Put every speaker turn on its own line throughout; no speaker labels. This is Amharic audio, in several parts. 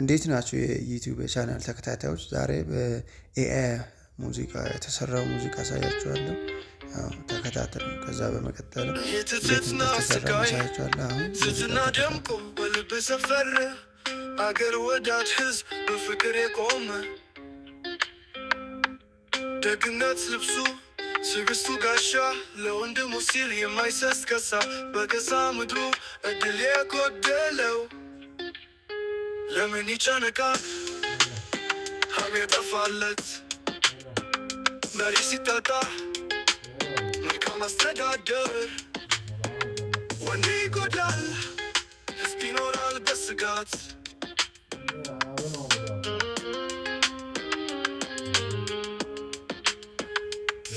እንዴት ናቸው የዩቲዩብ ቻናል ተከታታዮች? ዛሬ በኤአይ ሙዚቃ የተሰራው ሙዚቃ አሳያችኋለሁ። ተከታተሉ። ከዛ በመቀጠል ትትና ስትና ደምቆ
በልብ ሰፈረ አገር ወዳድ ህዝብ በፍቅር የቆመ ደግነት ልብሱ ስግስቱ ጋሻ ለወንድሙ ሲል የማይሰስከሳ በገዛ ምድሩ እድል የጎደለው ለምን ይጨነቃል? ሀገር ጠፋለት መሪ ሲታጣ መልካም አስተዳደር ወንድ ይጎዳል፣ ህዝብ ይኖራል በስጋት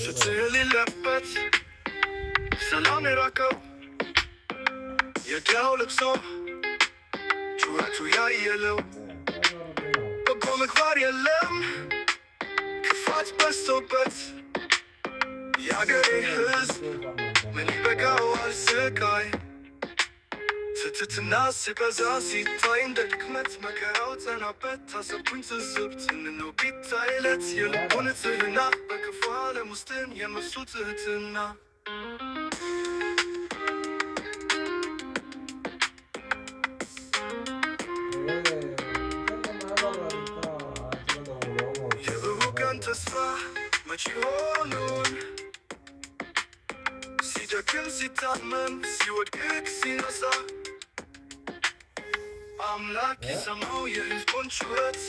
ፍትህ የሌለበት ሰላም የራቀው የድሃው ልቅሶ ህይወቱ ያየለው በጎ ምግባር የለም ክፋት በዝቶበት የአገሬ ህዝብ ምን ይበቃዋል ስቃይ ትትና ሲበዛ ሲታይ እንደ ድክመት መከራው ጸናበት ታሰብኩኝ ትዝብት እንነው ቢታይ ዕለት የልቡን ትህና በክፉ ዓለም ውስጥን የመሱ ትህትና ሰዎች ሲደክም ሲታመም ሲወድቅ ሲነሳ አምላክ የሰማው የሕዝቡን ጩኸት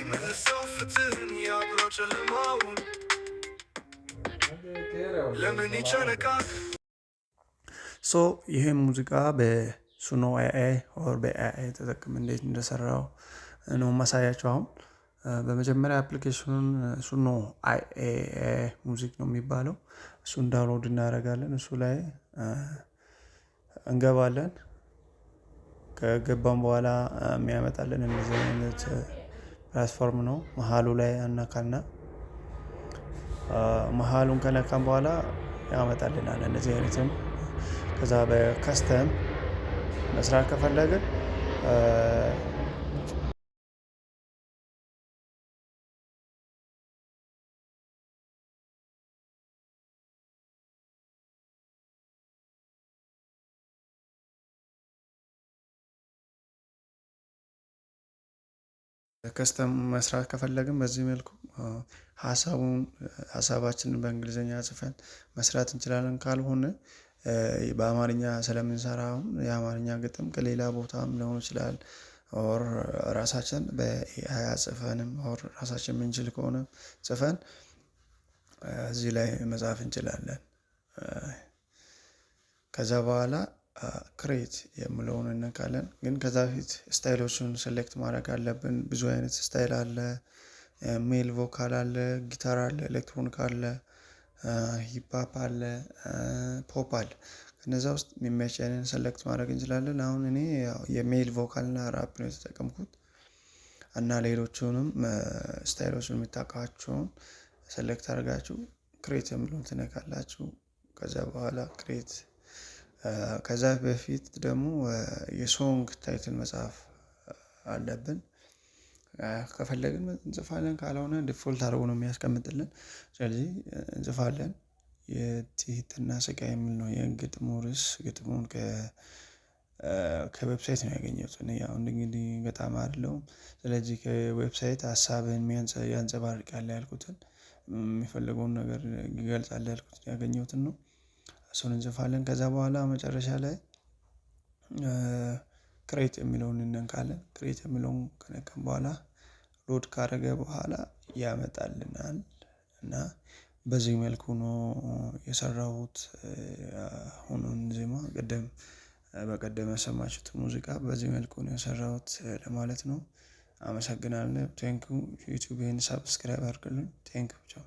የመለሰው ፍትህን ያብራው ጨለማውን ለምን ይጨነቃል?
ሶ ይህም ሙዚቃ በሱኖ ኤኤ ኦር በኤኤ ተጠቅም እንዴት እንደሰራው ነው ማሳያቸው አሁን በመጀመሪያ አፕሊኬሽኑን እሱ ኖ ሙዚክ ነው የሚባለው እሱን ዳውንሎድ እናደርጋለን እሱ ላይ እንገባለን። ከገባን በኋላ የሚያመጣልን እንደዚህ አይነት ፕላትፎርም ነው መሃሉ ላይ አናካና መሃሉን ከነካን በኋላ ያመጣልናል። እነዚህ አይነትም ከዛ በከስተም መስራት ከፈለግን ከስተም መስራት ከፈለግን በዚህ መልኩ ሀሳቡን ሀሳባችንን በእንግሊዘኛ ጽፈን መስራት እንችላለን። ካልሆነ በአማርኛ ስለምንሰራ የአማርኛ ግጥም ከሌላ ቦታም ሊሆን ይችላል። ኦር ራሳችን በኤአይ ጽፈንም ኦር ራሳችን የምንችል ከሆነ ጽፈን እዚህ ላይ መጻፍ እንችላለን። ከዛ በኋላ ክሬት የምለውን እነካለን። ግን ከዛ በፊት ስታይሎችን ሴሌክት ማድረግ አለብን። ብዙ አይነት ስታይል አለ። ሜል ቮካል አለ፣ ጊታር አለ፣ ኤሌክትሮኒክ አለ፣ ሂፓፕ አለ፣ ፖፕ አለ። ከነዛ ውስጥ የሚመቸንን ሴሌክት ማድረግ እንችላለን። አሁን እኔ የሜል ቮካል እና ራፕ ነው የተጠቀምኩት እና ሌሎቹንም ስታይሎችን የሚታቃቸውን ሴሌክት አድርጋችሁ ክሬት የምለውን ትነካላችሁ። ከዚያ በኋላ ክሬት ከዛ በፊት ደግሞ የሶንግ ታይትል መጽሐፍ አለብን። ከፈለግን እንጽፋለን ካልሆነ ዲፎልት አድርጎ ነው የሚያስቀምጥልን ስለዚህ እንጽፋለን። የትህትና ስጋ የሚል ነው የግጥሙ ርዕስ ግጥሙን ከዌብሳይት ነው ያገኘሁት። እኔ ያው እንግዲህ ገጣሚ አይደለሁም ስለዚህ ከዌብሳይት ሀሳብህን ያንጸባርቃል ያልኩትን የሚፈልገውን ነገር ይገልጻል ያልኩትን ያገኘሁትን ነው እሱን እንጽፋለን። ከዛ በኋላ መጨረሻ ላይ ክሬት የሚለውን እንነካለን። ክሬት የሚለውን ከነካን በኋላ ሎድ ካደረገ በኋላ ያመጣልናል እና በዚህ መልኩ ነው የሰራሁት። አሁኑን ዜማ ቅድም በቀደም ያሰማችሁት ሙዚቃ በዚህ መልኩ ነው የሰራሁት ለማለት ነው። አመሰግናለሁ። ቴንኪው ዩቲዩቤን ሳብስክራይብ አድርጉልኝ። ቴንኪው ቻው።